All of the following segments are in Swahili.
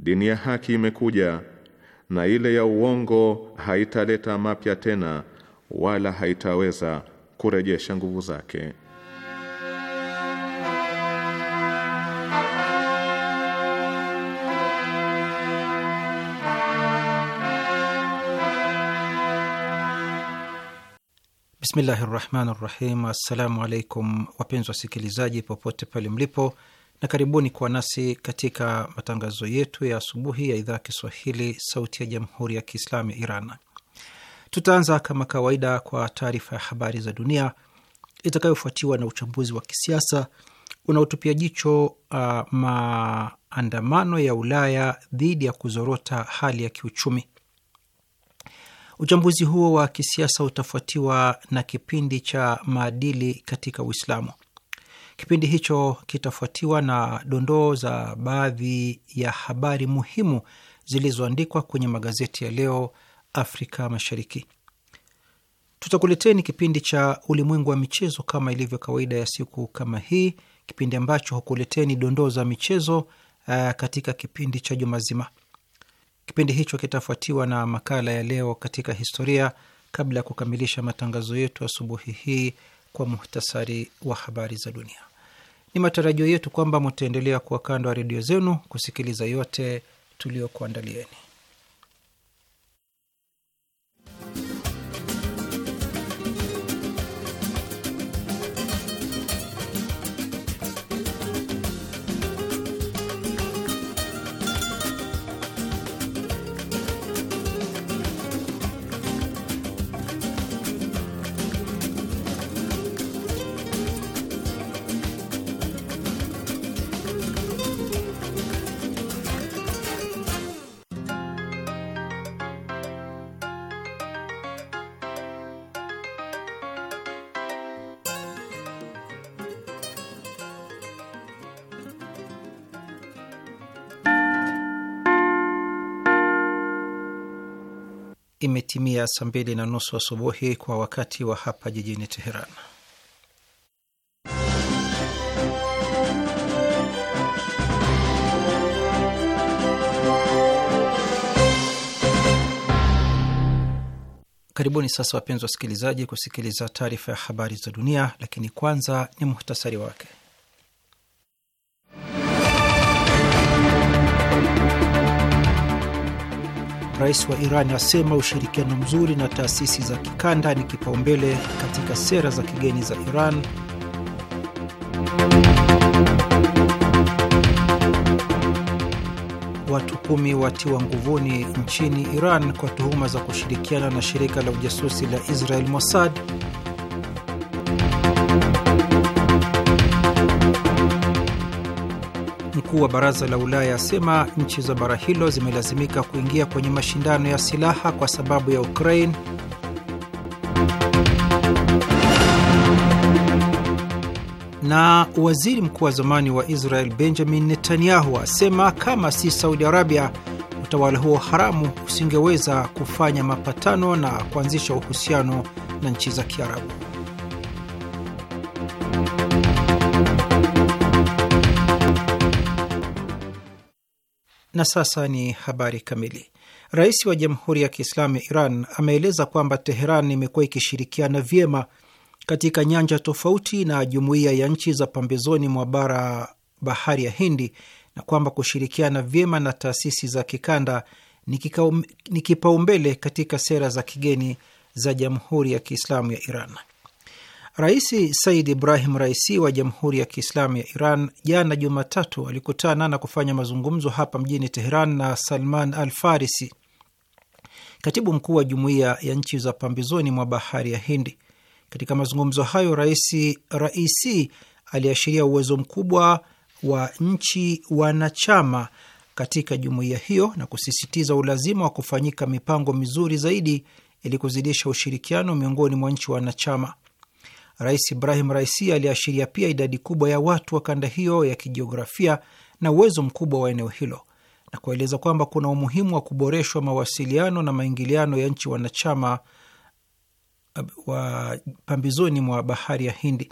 Dini ya haki imekuja na ile ya uongo haitaleta mapya tena wala haitaweza kurejesha nguvu zake. Bismillahi rahmani rahim. Assalamu alaikum wapenzi wasikilizaji, popote pale mlipo na karibuni kwa nasi katika matangazo yetu ya asubuhi ya idhaa ya Kiswahili, Sauti ya Jamhuri ya Kiislamu ya Iran. Tutaanza kama kawaida kwa taarifa ya habari za dunia itakayofuatiwa na uchambuzi wa kisiasa unaotupia jicho uh, maandamano ya Ulaya dhidi ya kuzorota hali ya kiuchumi. Uchambuzi huo wa kisiasa utafuatiwa na kipindi cha maadili katika Uislamu. Kipindi hicho kitafuatiwa na dondoo za baadhi ya habari muhimu zilizoandikwa kwenye magazeti ya leo Afrika Mashariki. Tutakuleteni kipindi cha ulimwengu wa michezo kama ilivyo kawaida ya siku kama hii, kipindi ambacho hukuleteni dondoo za michezo uh, katika kipindi cha juma zima. Kipindi hicho kitafuatiwa na makala ya leo katika historia, kabla ya kukamilisha matangazo yetu asubuhi hii kwa muhtasari wa habari za dunia. Ni matarajio yetu kwamba mtaendelea kuwa kando ya redio zenu kusikiliza yote tuliokuandalieni imetimia saa mbili na nusu asubuhi wa kwa wakati wa hapa jijini Teheran. Karibuni sasa, wapenzi wasikilizaji, kusikiliza taarifa ya habari za dunia, lakini kwanza ni muhtasari wake. rais wa Iran asema ushirikiano mzuri na taasisi za kikanda ni kipaumbele katika sera za kigeni za Iran. Watu kumi watiwa nguvuni nchini Iran kwa tuhuma za kushirikiana na shirika la ujasusi la Israel Mossad. mkuu wa Baraza la Ulaya asema nchi za bara hilo zimelazimika kuingia kwenye mashindano ya silaha kwa sababu ya Ukraine. Na waziri mkuu wa zamani wa Israel Benjamin Netanyahu asema kama si Saudi Arabia, utawala huo haramu usingeweza kufanya mapatano na kuanzisha uhusiano na nchi za Kiarabu. Na sasa ni habari kamili. Rais wa Jamhuri ya Kiislamu ya Iran ameeleza kwamba Teheran imekuwa ikishirikiana vyema katika nyanja tofauti na jumuiya ya nchi za pambezoni mwa bara bahari ya Hindi na kwamba kushirikiana vyema na taasisi za kikanda ni kipaumbele katika sera za kigeni za Jamhuri ya Kiislamu ya Iran. Rais Said Ibrahim Raisi wa Jamhuri ya Kiislamu ya Iran jana Jumatatu alikutana na kufanya mazungumzo hapa mjini Teheran na Salman Al Farisi, katibu mkuu wa Jumuiya ya Nchi za Pambizoni mwa Bahari ya Hindi. Katika mazungumzo hayo, Rais Raisi aliashiria uwezo mkubwa wa nchi wanachama katika jumuiya hiyo na kusisitiza ulazima wa kufanyika mipango mizuri zaidi ili kuzidisha ushirikiano miongoni mwa nchi wanachama. Rais Ibrahim Raisi aliashiria pia idadi kubwa ya watu wa kanda hiyo ya kijiografia na uwezo mkubwa wa eneo hilo na kueleza kwamba kuna umuhimu wa kuboreshwa mawasiliano na maingiliano ya nchi wanachama wa pambizoni mwa bahari ya Hindi.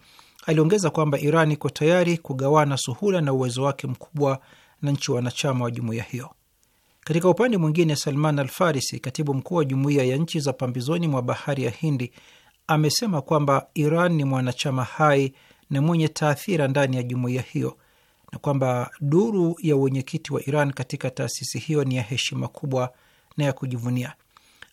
Aliongeza kwamba Iran iko tayari kugawana suhula na uwezo wake mkubwa na nchi wanachama wa jumuiya hiyo. Katika upande mwingine, Salman Al Farisi, katibu mkuu wa jumuiya ya nchi za pambizoni mwa bahari ya Hindi, amesema kwamba Iran ni mwanachama hai na mwenye taathira ndani ya jumuiya hiyo na kwamba duru ya uwenyekiti wa Iran katika taasisi hiyo ni ya heshima kubwa na ya kujivunia.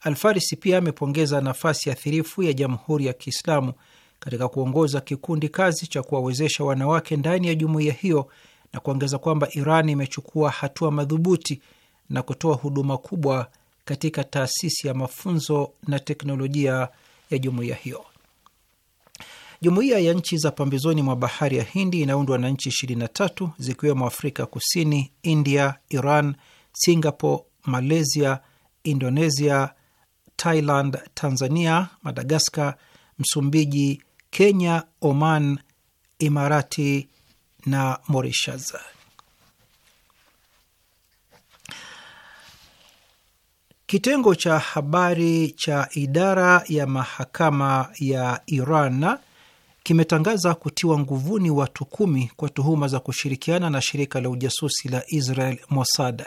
Alfarisi pia amepongeza nafasi athirifu ya Jamhuri ya Kiislamu katika kuongoza kikundi kazi cha kuwawezesha wanawake ndani ya jumuiya hiyo na kuongeza kwamba Iran imechukua hatua madhubuti na kutoa huduma kubwa katika taasisi ya mafunzo na teknolojia ya jumuiya hiyo. Jumuiya ya nchi za pambizoni mwa bahari ya Hindi inaundwa na nchi 23 zikiwemo Afrika Kusini, India, Iran, Singapore, Malaysia, Indonesia, Thailand, Tanzania, Madagaskar, Msumbiji, Kenya, Oman, Imarati na Mauritius. Kitengo cha habari cha idara ya mahakama ya Iran kimetangaza kutiwa nguvuni watu kumi kwa tuhuma za kushirikiana na shirika la ujasusi la Israel Mossad.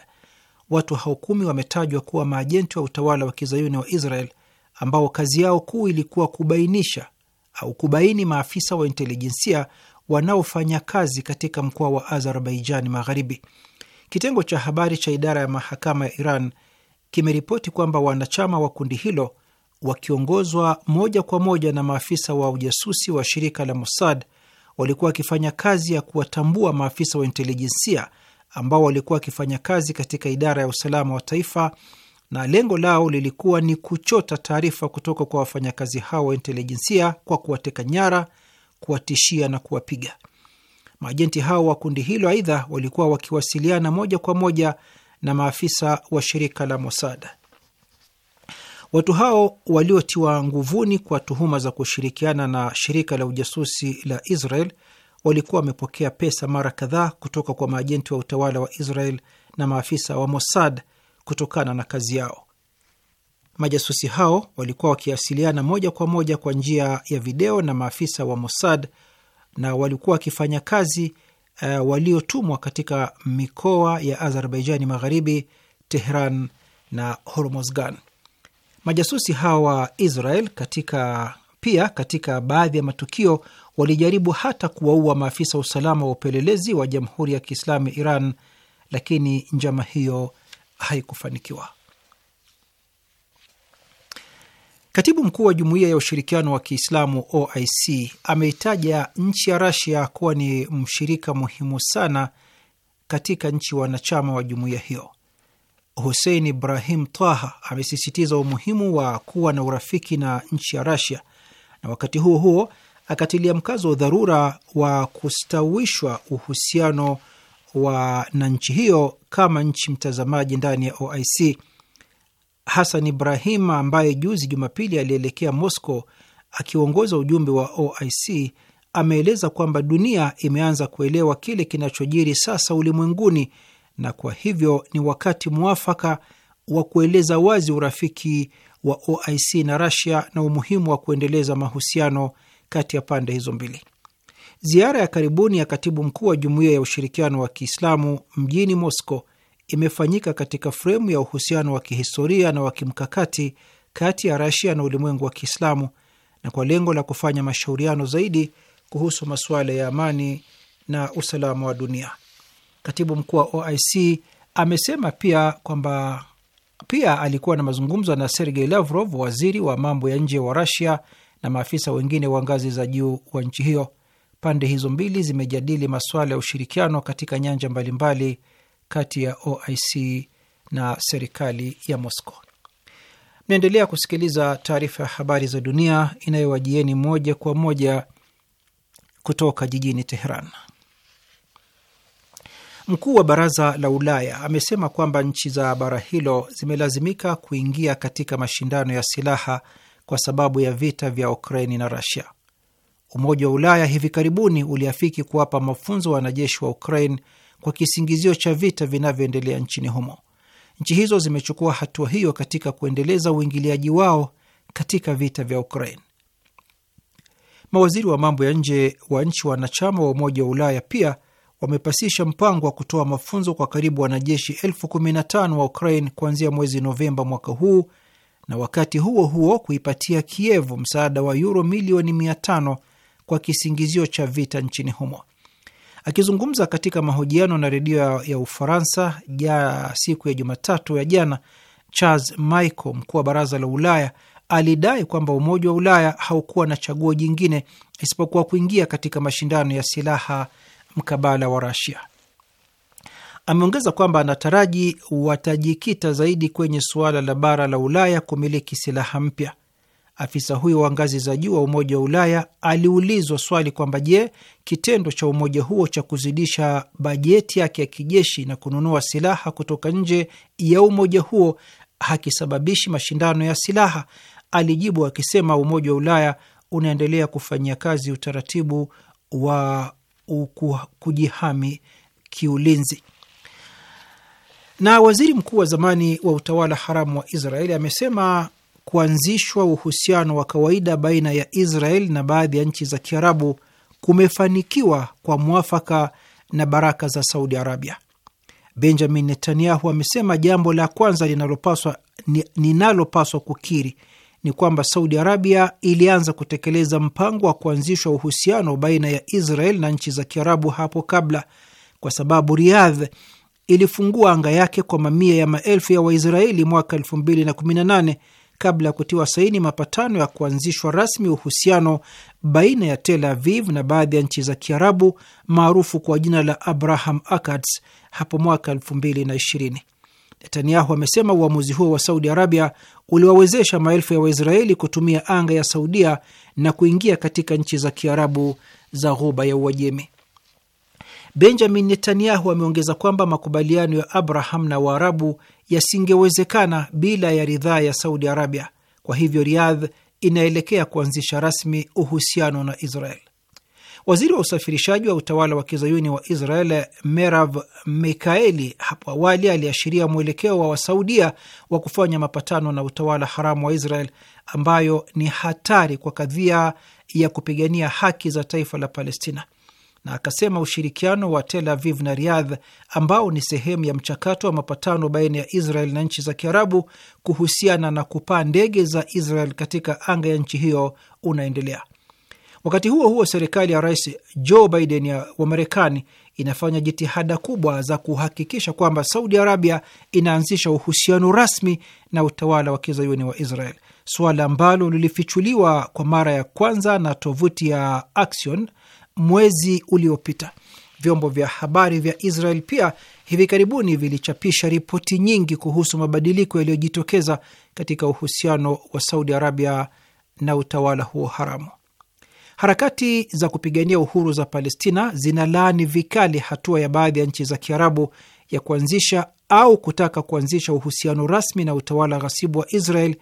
Watu hao kumi wametajwa kuwa maajenti wa utawala wa kizayuni wa Israel ambao kazi yao kuu ilikuwa kubainisha au kubaini maafisa wa intelijensia wanaofanya kazi katika mkoa wa Azerbaijan Magharibi. Kitengo cha habari cha idara ya mahakama ya Iran kimeripoti kwamba wanachama wa kundi hilo wakiongozwa moja kwa moja na maafisa wa ujasusi wa shirika la Mossad walikuwa wakifanya kazi ya kuwatambua maafisa wa intelijensia ambao walikuwa wakifanya kazi katika idara ya usalama wa taifa, na lengo lao lilikuwa ni kuchota taarifa kutoka kwa wafanyakazi hao wa intelijensia kwa kuwateka nyara, kuwatishia na kuwapiga. Maajenti hao wa kundi hilo aidha walikuwa wakiwasiliana moja kwa moja na maafisa wa shirika la Mosada. Watu hao waliotiwa nguvuni kwa tuhuma za kushirikiana na shirika la ujasusi la Israel walikuwa wamepokea pesa mara kadhaa kutoka kwa maajenti wa utawala wa Israel na maafisa wa Mossad kutokana na kazi yao. Majasusi hao walikuwa wakiwasiliana moja kwa moja kwa njia ya video na maafisa wa Mossad na walikuwa wakifanya kazi uh, waliotumwa katika mikoa ya Azerbaijani Magharibi, Tehran na Hormozgan. Majasusi hawa wa Israel katika pia katika baadhi ya matukio walijaribu hata kuwaua maafisa wa usalama wa upelelezi wa Jamhuri ya Kiislamu Iran, lakini njama hiyo haikufanikiwa. Katibu mkuu wa Jumuiya ya Ushirikiano wa Kiislamu OIC ameitaja nchi ya Rasia kuwa ni mshirika muhimu sana katika nchi wanachama wa jumuiya hiyo. husein Ibrahim Taha amesisitiza umuhimu wa kuwa na urafiki na nchi ya Rasia na wakati huo huo akatilia mkazo dharura wa kustawishwa uhusiano wa na nchi hiyo kama nchi mtazamaji ndani ya OIC Hasan Ibrahim ambaye juzi Jumapili alielekea Moscow akiongoza ujumbe wa OIC ameeleza kwamba dunia imeanza kuelewa kile kinachojiri sasa ulimwenguni na kwa hivyo ni wakati mwafaka wa kueleza wazi urafiki wa OIC na Russia na umuhimu wa kuendeleza mahusiano kati ya pande hizo mbili. Ziara ya karibuni ya katibu mkuu wa Jumuiya ya Ushirikiano wa Kiislamu mjini Moscow imefanyika katika fremu ya uhusiano wa kihistoria na wa kimkakati kati ya Rasia na ulimwengu wa Kiislamu na kwa lengo la kufanya mashauriano zaidi kuhusu masuala ya amani na usalama wa dunia. Katibu mkuu wa OIC amesema pia kwamba pia alikuwa na mazungumzo na Sergei Lavrov, waziri wa mambo ya nje wa Rasia, na maafisa wengine wa ngazi za juu wa nchi hiyo. Pande hizo mbili zimejadili masuala ya ushirikiano katika nyanja mbalimbali kati ya OIC na serikali ya Moscow. Mnaendelea kusikiliza taarifa ya habari za dunia inayowajieni moja kwa moja kutoka jijini Teheran. Mkuu wa Baraza la Ulaya amesema kwamba nchi za bara hilo zimelazimika kuingia katika mashindano ya silaha kwa sababu ya vita vya Ukraini na Rasia. Umoja wa Ulaya hivi karibuni uliafiki kuwapa mafunzo wanajeshi wa Ukraine kwa kisingizio cha vita vinavyoendelea nchini humo. Nchi hizo zimechukua hatua hiyo katika kuendeleza uingiliaji wao katika vita vya Ukraine. Mawaziri wa mambo ya nje wa nchi wanachama wa Umoja wa Ulaya pia wamepasisha mpango wa kutoa mafunzo kwa karibu wanajeshi elfu kumi na tano wa Ukraine kuanzia mwezi Novemba mwaka huu na wakati huo huo kuipatia Kievu msaada wa yuro milioni mia tano kwa kisingizio cha vita nchini humo. Akizungumza katika mahojiano na redio ya Ufaransa ja siku ya Jumatatu ya jana, Charles Michel, mkuu wa baraza la Ulaya, alidai kwamba Umoja wa Ulaya haukuwa na chaguo jingine isipokuwa kuingia katika mashindano ya silaha mkabala wa Rasia. Ameongeza kwamba anataraji watajikita zaidi kwenye suala la bara la Ulaya kumiliki silaha mpya. Afisa huyo wa ngazi za juu wa Umoja wa Ulaya aliulizwa swali kwamba je, kitendo cha umoja huo cha kuzidisha bajeti yake ya kijeshi na kununua silaha kutoka nje ya umoja huo hakisababishi mashindano ya silaha? Alijibu akisema Umoja wa Ulaya unaendelea kufanyia kazi utaratibu wa kujihami kiulinzi. Na waziri mkuu wa zamani wa utawala haramu wa Israeli amesema kuanzishwa uhusiano wa kawaida baina ya Israel na baadhi ya nchi za Kiarabu kumefanikiwa kwa mwafaka na baraka za Saudi Arabia. Benjamin Netanyahu amesema jambo la kwanza linalopaswa ninalopaswa kukiri ni kwamba Saudi Arabia ilianza kutekeleza mpango wa kuanzishwa uhusiano baina ya Israel na nchi za Kiarabu hapo kabla, kwa sababu Riyadh ilifungua anga yake kwa mamia ya maelfu ya Waisraeli mwaka 2018 kabla ya kutiwa saini mapatano ya kuanzishwa rasmi uhusiano baina ya Tel Aviv na baadhi ya nchi za Kiarabu maarufu kwa jina la Abraham Accords hapo mwaka 2020. Netanyahu amesema uamuzi huo wa Saudi Arabia uliwawezesha maelfu ya Waisraeli kutumia anga ya Saudia na kuingia katika nchi za Kiarabu za Ghuba ya Uajemi. Benjamin Netanyahu ameongeza kwamba makubaliano ya Abraham na Waarabu yasingewezekana bila ya ridhaa ya Saudi Arabia. Kwa hivyo, Riyadh inaelekea kuanzisha rasmi uhusiano na Israel. Waziri wa usafirishaji wa utawala wa kizayuni wa Israel Merav Mikaeli hapo awali aliashiria mwelekeo wa wasaudia wa kufanya mapatano na utawala haramu wa Israel ambayo ni hatari kwa kadhia ya kupigania haki za taifa la Palestina na akasema ushirikiano wa Tel Aviv na Riyadh ambao ni sehemu ya mchakato wa mapatano baina ya Israel na nchi za Kiarabu kuhusiana na kupaa ndege za Israel katika anga ya nchi hiyo unaendelea. Wakati huo huo, serikali ya Rais Joe Biden wa Marekani inafanya jitihada kubwa za kuhakikisha kwamba Saudi Arabia inaanzisha uhusiano rasmi na utawala wa kizayuni wa Israel, suala ambalo lilifichuliwa kwa mara ya kwanza na tovuti ya Axios mwezi uliopita. Vyombo vya habari vya Israel pia hivi karibuni vilichapisha ripoti nyingi kuhusu mabadiliko yaliyojitokeza katika uhusiano wa Saudi Arabia na utawala huo haramu. Harakati za kupigania uhuru za Palestina zinalaani vikali hatua ya baadhi ya nchi za Kiarabu ya kuanzisha au kutaka kuanzisha uhusiano rasmi na utawala ghasibu wa Israel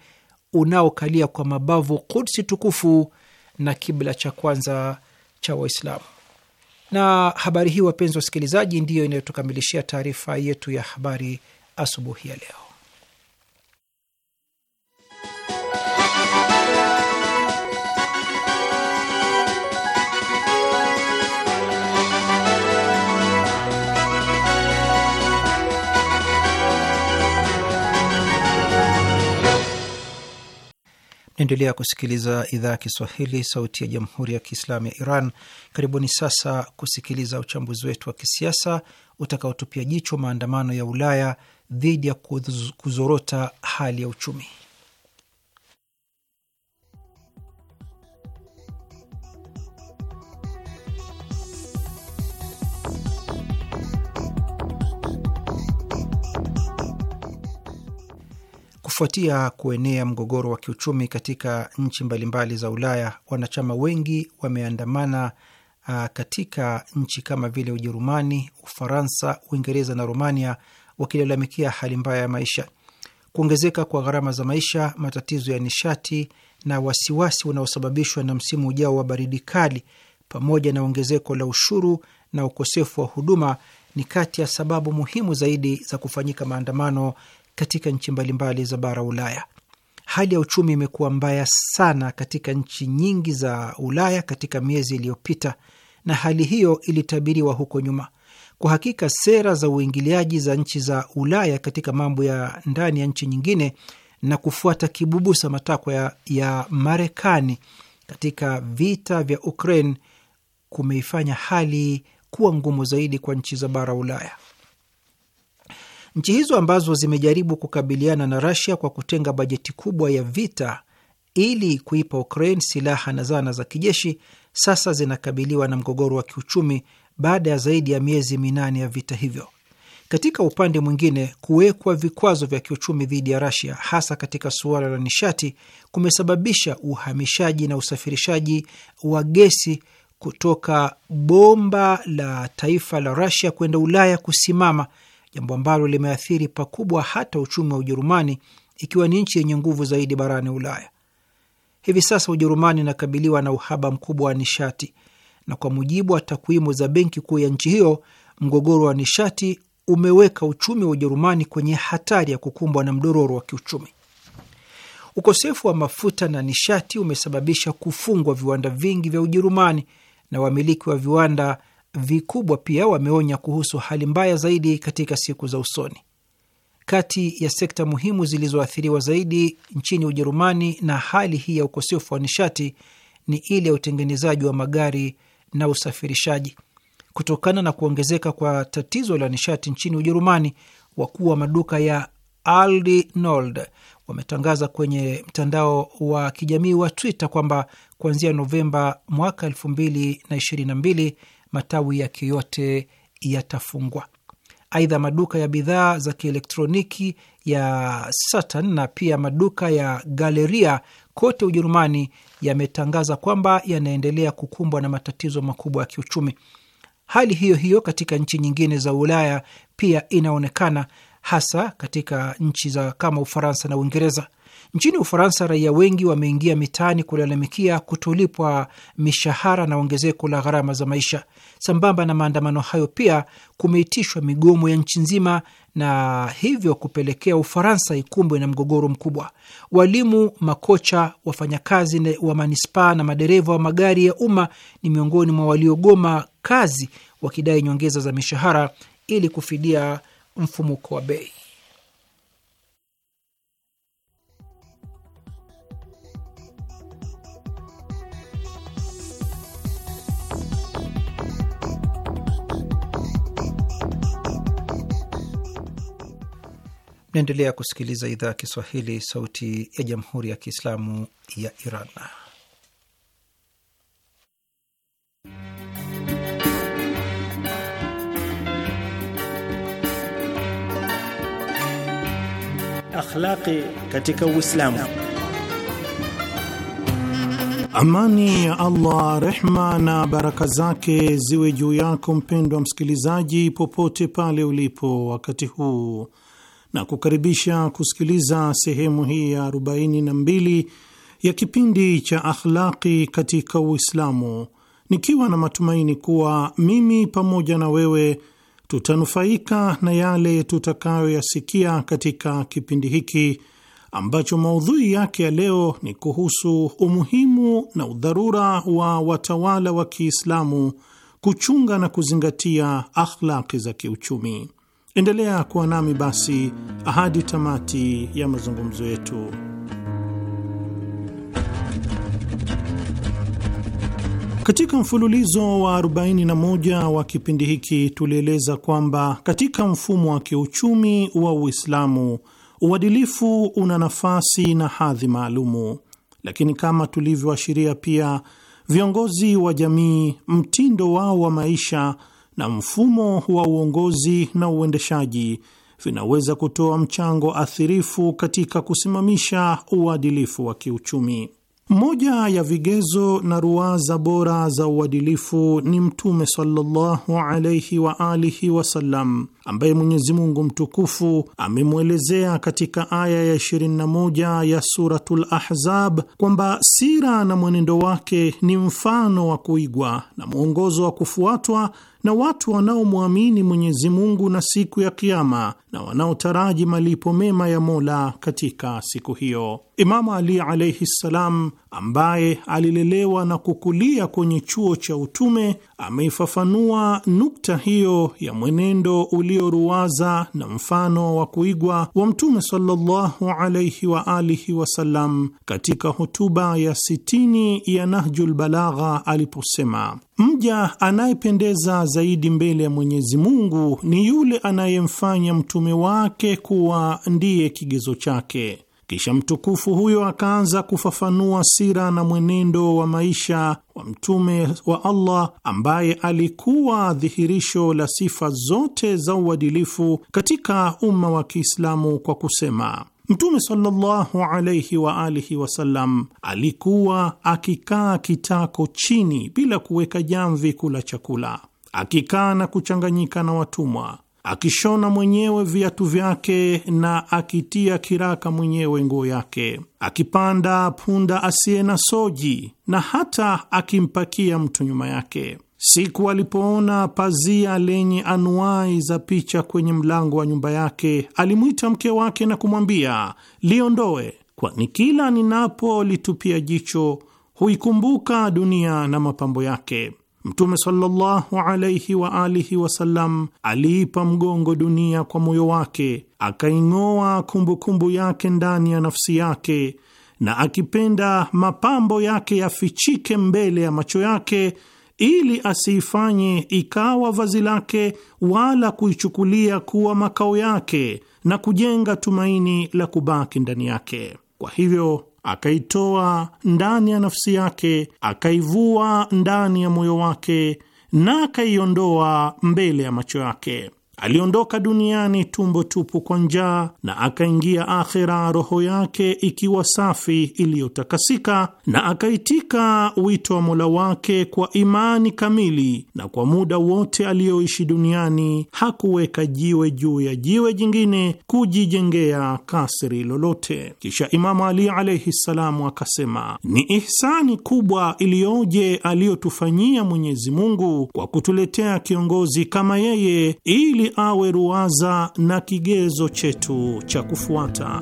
unaokalia kwa mabavu Kudsi tukufu na kibla cha kwanza cha Waislamu. Na habari hii, wapenzi wasikilizaji, ndiyo inayotukamilishia taarifa yetu ya habari asubuhi ya leo. Naendelea kusikiliza idhaa ya Kiswahili, sauti ya jamhuri ya kiislamu ya Iran. Karibuni sasa kusikiliza uchambuzi wetu wa kisiasa utakaotupia jicho maandamano ya Ulaya dhidi ya kuzorota hali ya uchumi. Kufuatia kuenea mgogoro wa kiuchumi katika nchi mbalimbali za Ulaya, wanachama wengi wameandamana uh, katika nchi kama vile Ujerumani, Ufaransa, Uingereza na Romania wakilalamikia hali mbaya ya maisha, kuongezeka kwa gharama za maisha, matatizo ya nishati na wasiwasi unaosababishwa na msimu ujao wa baridi kali, pamoja na ongezeko la ushuru na ukosefu wa huduma ni kati ya sababu muhimu zaidi za kufanyika maandamano katika nchi mbalimbali za bara Ulaya. Hali ya uchumi imekuwa mbaya sana katika nchi nyingi za Ulaya katika miezi iliyopita, na hali hiyo ilitabiriwa huko nyuma. Kwa hakika sera za uingiliaji za nchi za Ulaya katika mambo ya ndani ya nchi nyingine na kufuata kibubusa matakwa ya, ya Marekani katika vita vya Ukraine kumeifanya hali kuwa ngumu zaidi kwa nchi za bara Ulaya. Nchi hizo ambazo zimejaribu kukabiliana na rasia kwa kutenga bajeti kubwa ya vita ili kuipa Ukraine silaha na zana za kijeshi, sasa zinakabiliwa na mgogoro wa kiuchumi baada ya zaidi ya miezi minane ya vita hivyo. Katika upande mwingine, kuwekwa vikwazo vya kiuchumi dhidi ya rasia hasa katika suala la nishati kumesababisha uhamishaji na usafirishaji wa gesi kutoka bomba la taifa la rasia kwenda Ulaya kusimama jambo ambalo limeathiri pakubwa hata uchumi wa Ujerumani, ikiwa ni nchi yenye nguvu zaidi barani Ulaya. Hivi sasa Ujerumani inakabiliwa na uhaba mkubwa wa nishati, na kwa mujibu wa takwimu za benki kuu ya nchi hiyo, mgogoro wa nishati umeweka uchumi wa Ujerumani kwenye hatari ya kukumbwa na mdororo wa kiuchumi. Ukosefu wa mafuta na nishati umesababisha kufungwa viwanda vingi vya Ujerumani na wamiliki wa viwanda vikubwa pia wameonya kuhusu hali mbaya zaidi katika siku za usoni. Kati ya sekta muhimu zilizoathiriwa zaidi nchini Ujerumani na hali hii ya ukosefu wa nishati ni ile ya utengenezaji wa magari na usafirishaji. Kutokana na kuongezeka kwa tatizo la nishati nchini Ujerumani, wakuu wa maduka ya Aldi nold wametangaza kwenye mtandao wa kijamii wa Twitter kwamba kuanzia Novemba mwaka matawi yake yote yatafungwa. Aidha, maduka ya bidhaa za kielektroniki ya Satan na pia maduka ya Galeria kote Ujerumani yametangaza kwamba yanaendelea kukumbwa na matatizo makubwa ya kiuchumi. Hali hiyo hiyo katika nchi nyingine za Ulaya pia inaonekana, hasa katika nchi za kama Ufaransa na Uingereza. Nchini Ufaransa, raia wengi wameingia mitaani kulalamikia kutolipwa mishahara na ongezeko la gharama za maisha. Sambamba na maandamano hayo, pia kumeitishwa migomo ya nchi nzima na hivyo kupelekea Ufaransa ikumbwe na mgogoro mkubwa. Walimu, makocha, wafanyakazi wa manispaa na madereva wa magari ya umma ni miongoni mwa waliogoma kazi wakidai nyongeza za mishahara ili kufidia mfumuko wa bei. Naendelea kusikiliza idhaa ya Kiswahili, sauti ya jamhuri ya kiislamu ya Iran. Akhlaqi katika Uislamu. Amani ya Allah, rehma na baraka zake ziwe juu yako mpendwa msikilizaji, popote pale ulipo wakati huu na kukaribisha kusikiliza sehemu hii ya 42 ya kipindi cha Akhlaqi katika Uislamu, nikiwa na matumaini kuwa mimi pamoja na wewe tutanufaika na yale tutakayoyasikia katika kipindi hiki ambacho maudhui yake ya leo ni kuhusu umuhimu na udharura wa watawala wa Kiislamu kuchunga na kuzingatia akhlaqi za kiuchumi. Endelea kuwa nami basi ahadi tamati ya mazungumzo yetu. Katika mfululizo wa 41 wa kipindi hiki tulieleza kwamba katika mfumo wa kiuchumi wa Uislamu uadilifu una nafasi na hadhi maalumu, lakini kama tulivyoashiria pia, viongozi wa jamii, mtindo wao wa maisha na mfumo wa uongozi na uendeshaji vinaweza kutoa mchango athirifu katika kusimamisha uadilifu wa kiuchumi. Moja ya vigezo na ruwaza bora za uadilifu ni Mtume sallallahu alaihi wa alihi wasallam ambaye Mwenyezi Mungu mtukufu amemwelezea katika aya ya 21 ya Suratul Ahzab kwamba sira na mwenendo wake ni mfano wa kuigwa na mwongozo wa kufuatwa na watu wanaomwamini Mwenyezi Mungu na siku ya Kiama na wanaotaraji malipo mema ya Mola katika siku hiyo. Imamu Ali alaihi ssalam, ambaye alilelewa na kukulia kwenye chuo cha utume, ameifafanua nukta hiyo ya mwenendo ulio ruwaza na mfano wa kuigwa wa Mtume sallallahu alayhi wa alihi wasallam katika hotuba ya sitini ya Nahjul Balagha aliposema, mja anayependeza zaidi mbele ya Mwenyezi Mungu ni yule anayemfanya mtume wake kuwa ndiye kigezo chake kisha mtukufu huyo akaanza kufafanua sira na mwenendo wa maisha wa mtume wa Allah ambaye alikuwa dhihirisho la sifa zote za uadilifu katika umma wa Kiislamu kwa kusema Mtume sallallahu wa alihi wasallam alikuwa akikaa kitako chini bila kuweka jamvi kula chakula, akikaa na kuchanganyika na watumwa akishona mwenyewe viatu vyake na akitia kiraka mwenyewe nguo yake, akipanda punda asiye na soji na hata akimpakia mtu nyuma yake. Siku alipoona pazia lenye anuai za picha kwenye mlango wa nyumba yake, alimwita mke wake na kumwambia liondoe, kwani kila ninapolitupia jicho huikumbuka dunia na mapambo yake. Mtume sallallahu alayhi wa alihi wasallam aliipa mgongo dunia kwa moyo wake, akaing'oa kumbukumbu yake ndani ya nafsi yake, na akipenda mapambo yake yafichike mbele ya macho yake ili asiifanye ikawa vazi lake wala kuichukulia kuwa makao yake na kujenga tumaini la kubaki ndani yake. Kwa hivyo akaitoa ndani ya nafsi yake, akaivua ndani ya moyo wake na akaiondoa mbele ya macho yake. Aliondoka duniani tumbo tupu kwa njaa na akaingia akhira roho yake ikiwa safi iliyotakasika, na akaitika wito wa Mola wake kwa imani kamili, na kwa muda wote aliyoishi duniani hakuweka jiwe juu ya jiwe jingine kujijengea kasri lolote. Kisha Imamu Ali alaihi ssalamu akasema, ni ihsani kubwa iliyoje aliyotufanyia Mwenyezi Mungu kwa kutuletea kiongozi kama yeye ili awe ruwaza na kigezo chetu cha kufuata.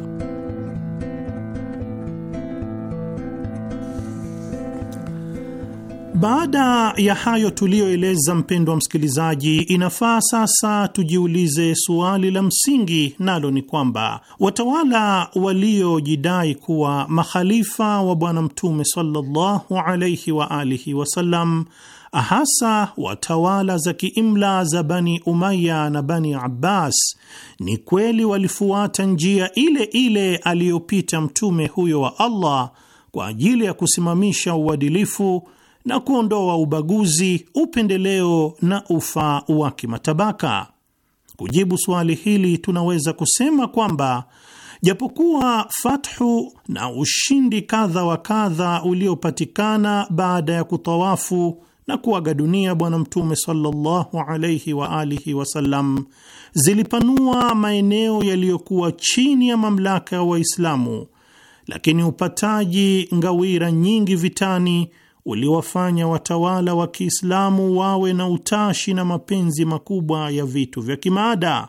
Baada ya hayo tuliyoeleza, mpendwa msikilizaji, inafaa sasa tujiulize suali la msingi, nalo ni kwamba watawala waliojidai kuwa makhalifa wa Bwana Mtume sallallahu alaihi wa alihi wasallam hasa watawala za kiimla za Bani Umaya na Bani Abbas, ni kweli walifuata njia ile ile aliyopita mtume huyo wa Allah kwa ajili ya kusimamisha uadilifu na kuondoa ubaguzi, upendeleo na ufaa wa kimatabaka. Kujibu suali hili, tunaweza kusema kwamba japokuwa fathu na ushindi kadha wa kadha uliopatikana baada ya kutawafu na kuaga dunia Bwana Mtume sallallahu alaihi wa alihi wasallam zilipanua maeneo yaliyokuwa chini ya mamlaka ya wa Waislamu, lakini upataji ngawira nyingi vitani uliwafanya watawala wa Kiislamu wawe na utashi na mapenzi makubwa ya vitu vya kimaada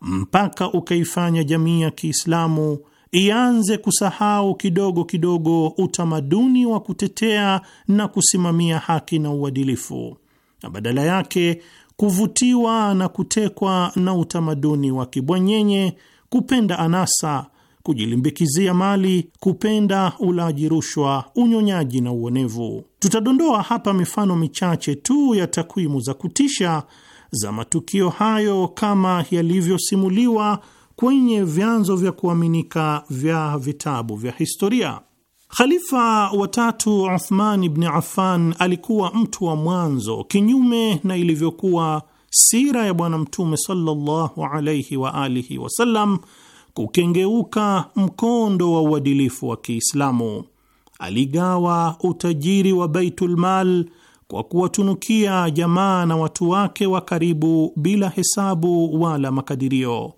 mpaka ukaifanya jamii ya Kiislamu ianze kusahau kidogo kidogo utamaduni wa kutetea na kusimamia haki na uadilifu na badala yake kuvutiwa na kutekwa na utamaduni wa kibwanyenye, kupenda anasa, kujilimbikizia mali, kupenda ulaji rushwa, unyonyaji na uonevu. Tutadondoa hapa mifano michache tu ya takwimu za kutisha za matukio hayo kama yalivyosimuliwa kwenye vyanzo vya kuaminika vya vitabu vya historia. Khalifa watatu Uthman ibn Affan alikuwa mtu wa mwanzo, kinyume na ilivyokuwa sira ya Bwana Mtume sallallahu alaihi wa alihi wasallam, kukengeuka mkondo wa uadilifu wa Kiislamu. Aligawa utajiri wa Baitulmal kwa kuwatunukia jamaa na watu wake wa karibu bila hesabu wala makadirio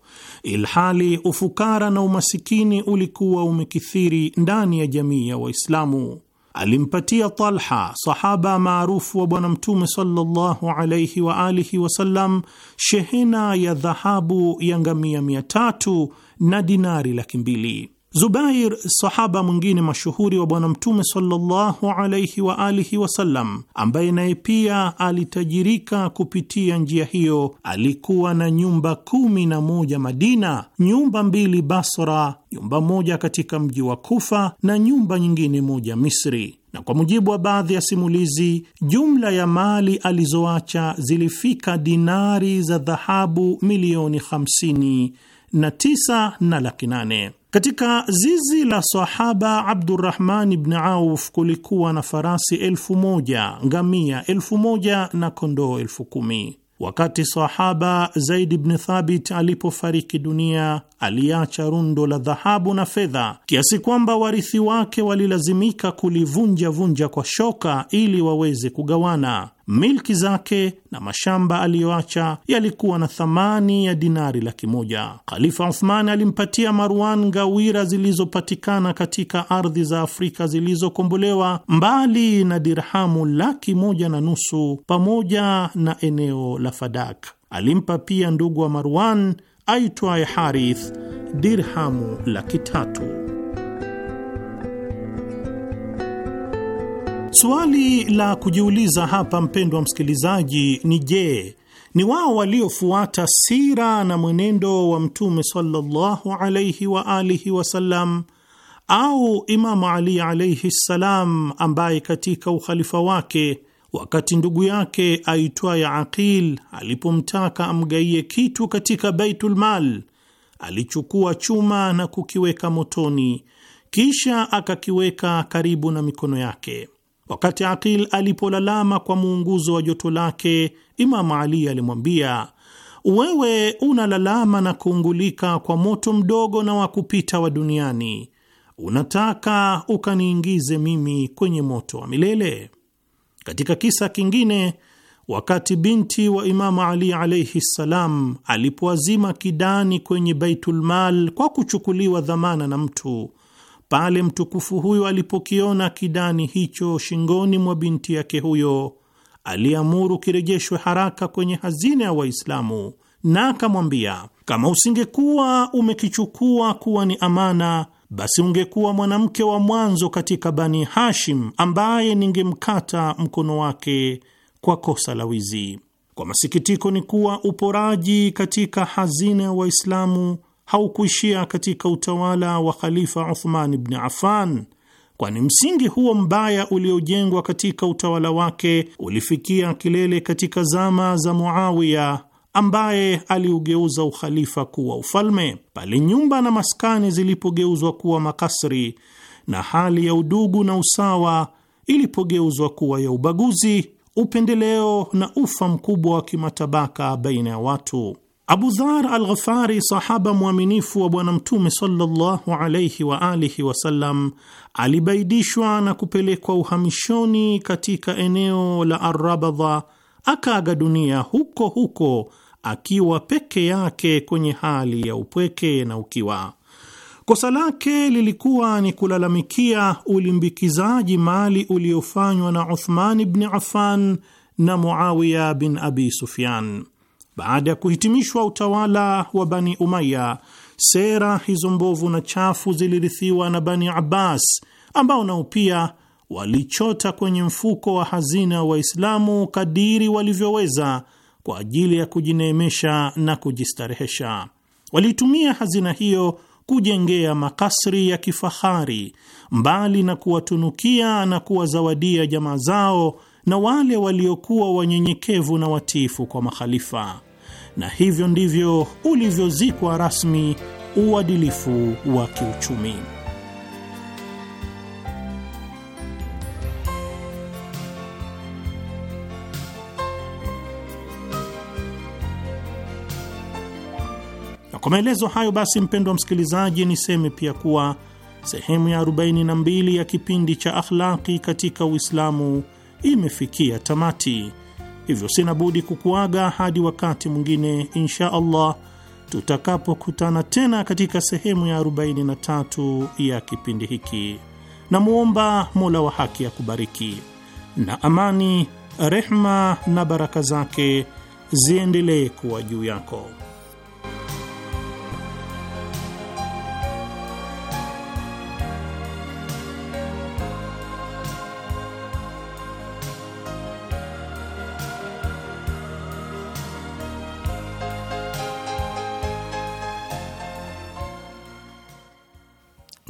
ilhali ufukara na umasikini ulikuwa umekithiri ndani ya jamii ya Waislamu. Alimpatia Talha, sahaba maarufu wa Bwana Mtume sallallahu alaihi wa alihi wasallam, shehena ya dhahabu ya ngamia mia tatu na dinari laki mbili. Zubair, sahaba mwingine mashuhuri wa Bwana Mtume sallallahu alaihi wa alihi wasallam, ambaye naye pia alitajirika kupitia njia hiyo, alikuwa na nyumba kumi na moja Madina, nyumba mbili Basra, nyumba moja katika mji wa Kufa na nyumba nyingine moja Misri na kwa mujibu wa baadhi ya simulizi, jumla ya mali alizoacha zilifika dinari za dhahabu milioni 59 na laki nane. Katika zizi la sahaba Abdurrahman ibn Auf kulikuwa na farasi elfu moja, ngamia elfu moja na kondoo elfu kumi. Wakati sahaba Zaid ibn Thabit alipofariki dunia, aliacha rundo la dhahabu na fedha kiasi kwamba warithi wake walilazimika kulivunja vunja kwa shoka ili waweze kugawana milki zake na mashamba aliyoacha yalikuwa na thamani ya dinari laki moja. Khalifa Uthman alimpatia Marwan ngawira zilizopatikana katika ardhi za Afrika zilizokombolewa, mbali na dirhamu laki moja na nusu pamoja na eneo la Fadak. Alimpa pia ndugu wa Marwan aitwaye Harith dirhamu laki tatu. Swali la kujiuliza hapa, mpendwa msikilizaji, ni je, ni wao waliofuata sira na mwenendo wa Mtume sallallahu alaihi wa alihi wasallam au Imamu Ali alaihi ssalam, ambaye katika ukhalifa wake wakati ndugu yake aitwaye Aqil alipomtaka amgaie kitu katika Baitulmal alichukua chuma na kukiweka motoni, kisha akakiweka karibu na mikono yake. Wakati Aqil alipolalama kwa muunguzo wa joto lake, Imamu Ali alimwambia, wewe unalalama na kuungulika kwa moto mdogo na wa kupita wa duniani, unataka ukaniingize mimi kwenye moto wa milele? Katika kisa kingine, wakati binti wa Imamu Ali alaihi ssalam alipoazima kidani kwenye Baitulmal kwa kuchukuliwa dhamana na mtu pale mtukufu huyo alipokiona kidani hicho shingoni mwa binti yake huyo, aliamuru kirejeshwe haraka kwenye hazina ya Waislamu na akamwambia, kama usingekuwa umekichukua kuwa ni amana, basi ungekuwa mwanamke wa mwanzo katika Bani Hashim ambaye ningemkata mkono wake kwa kosa la wizi. Kwa masikitiko ni kuwa uporaji katika hazina ya Waislamu haukuishia katika utawala wa Khalifa Uthman ibn Affan, kwani msingi huo mbaya uliojengwa katika utawala wake ulifikia kilele katika zama za Muawiya ambaye aliugeuza ukhalifa kuwa ufalme, pale nyumba na maskani zilipogeuzwa kuwa makasri na hali ya udugu na usawa ilipogeuzwa kuwa ya ubaguzi, upendeleo na ufa mkubwa wa kimatabaka baina ya watu. Abu Dhar al Ghafari, sahaba mwaminifu wa Bwana Mtume sallallahu alayhi wa alihi wasallam, alibaidishwa na kupelekwa uhamishoni katika eneo la Arrabadha, akaaga dunia huko huko akiwa peke yake kwenye hali ya upweke na ukiwa. Kosa lake lilikuwa ni kulalamikia ulimbikizaji mali uliofanywa na Uthman bni Affan na Muawiya bin Abi Sufyan. Baada ya kuhitimishwa utawala wa Bani Umaya, sera hizo mbovu na chafu zilirithiwa na Bani Abbas ambao nao pia walichota kwenye mfuko wa hazina wa Waislamu kadiri walivyoweza kwa ajili ya kujineemesha na kujistarehesha. Walitumia hazina hiyo kujengea makasri ya kifahari, mbali na kuwatunukia na kuwazawadia jamaa zao na wale waliokuwa wanyenyekevu na watiifu kwa makhalifa, na hivyo ndivyo ulivyozikwa rasmi uadilifu wa kiuchumi. Na kwa maelezo hayo basi, mpendo wa msikilizaji, niseme pia kuwa sehemu ya 42 ya kipindi cha Akhlaqi katika Uislamu imefikia tamati, hivyo sina budi kukuaga hadi wakati mwingine insha Allah tutakapokutana tena katika sehemu ya 43 ya kipindi hiki. Namwomba Mola wa haki akubariki, na amani, rehma na baraka zake ziendelee kuwa juu yako.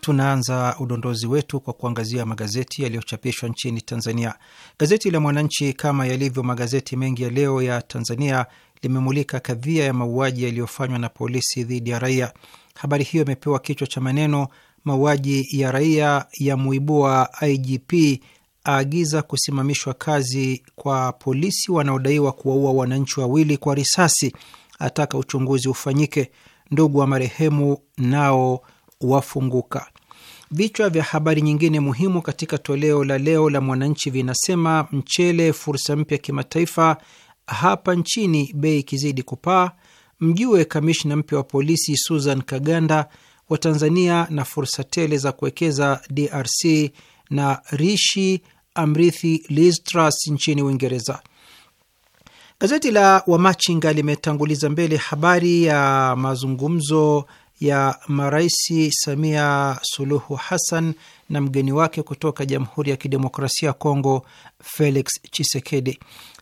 Tunaanza udondozi wetu kwa kuangazia magazeti yaliyochapishwa nchini Tanzania. Gazeti la Mwananchi, kama yalivyo magazeti mengi ya leo ya Tanzania, limemulika kadhia ya mauaji yaliyofanywa na polisi dhidi ya raia. Habari hiyo imepewa kichwa cha maneno, mauaji ya raia ya muibua, IGP aagiza kusimamishwa kazi kwa polisi wanaodaiwa kuwaua wananchi wawili kwa risasi, ataka uchunguzi ufanyike. Ndugu wa marehemu nao wafunguka. Vichwa vya habari nyingine muhimu katika toleo la leo la Mwananchi vinasema: mchele fursa mpya kimataifa, hapa nchini bei ikizidi kupaa, mjue kamishna mpya wa polisi Susan Kaganda, wa tanzania na fursa tele za kuwekeza DRC, na Rishi amrithi Liz Truss nchini Uingereza. Gazeti la Wamachinga limetanguliza mbele habari ya mazungumzo ya maraisi Samia Suluhu Hassan na mgeni wake kutoka Jamhuri ya Kidemokrasia ya Kongo Felix Chisekedi.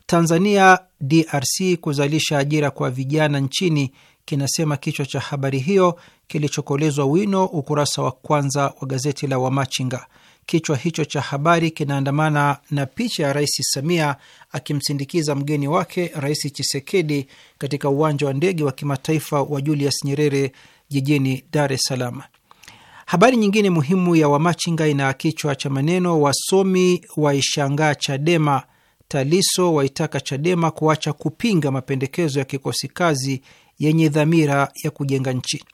Tanzania DRC kuzalisha ajira kwa vijana nchini, kinasema kichwa cha habari hiyo kilichokolezwa wino ukurasa wa kwanza wa gazeti la Wamachinga. Kichwa hicho cha habari kinaandamana na picha ya Rais Samia akimsindikiza mgeni wake Rais Chisekedi katika uwanja wa ndege wa kimataifa wa Julius Nyerere jijini Dar es Salaam. Habari nyingine muhimu ya wamachinga ina kichwa cha maneno wasomi waishangaa Chadema, Taliso waitaka Chadema kuacha kupinga mapendekezo ya kikosi kazi yenye dhamira ya kujenga nchi.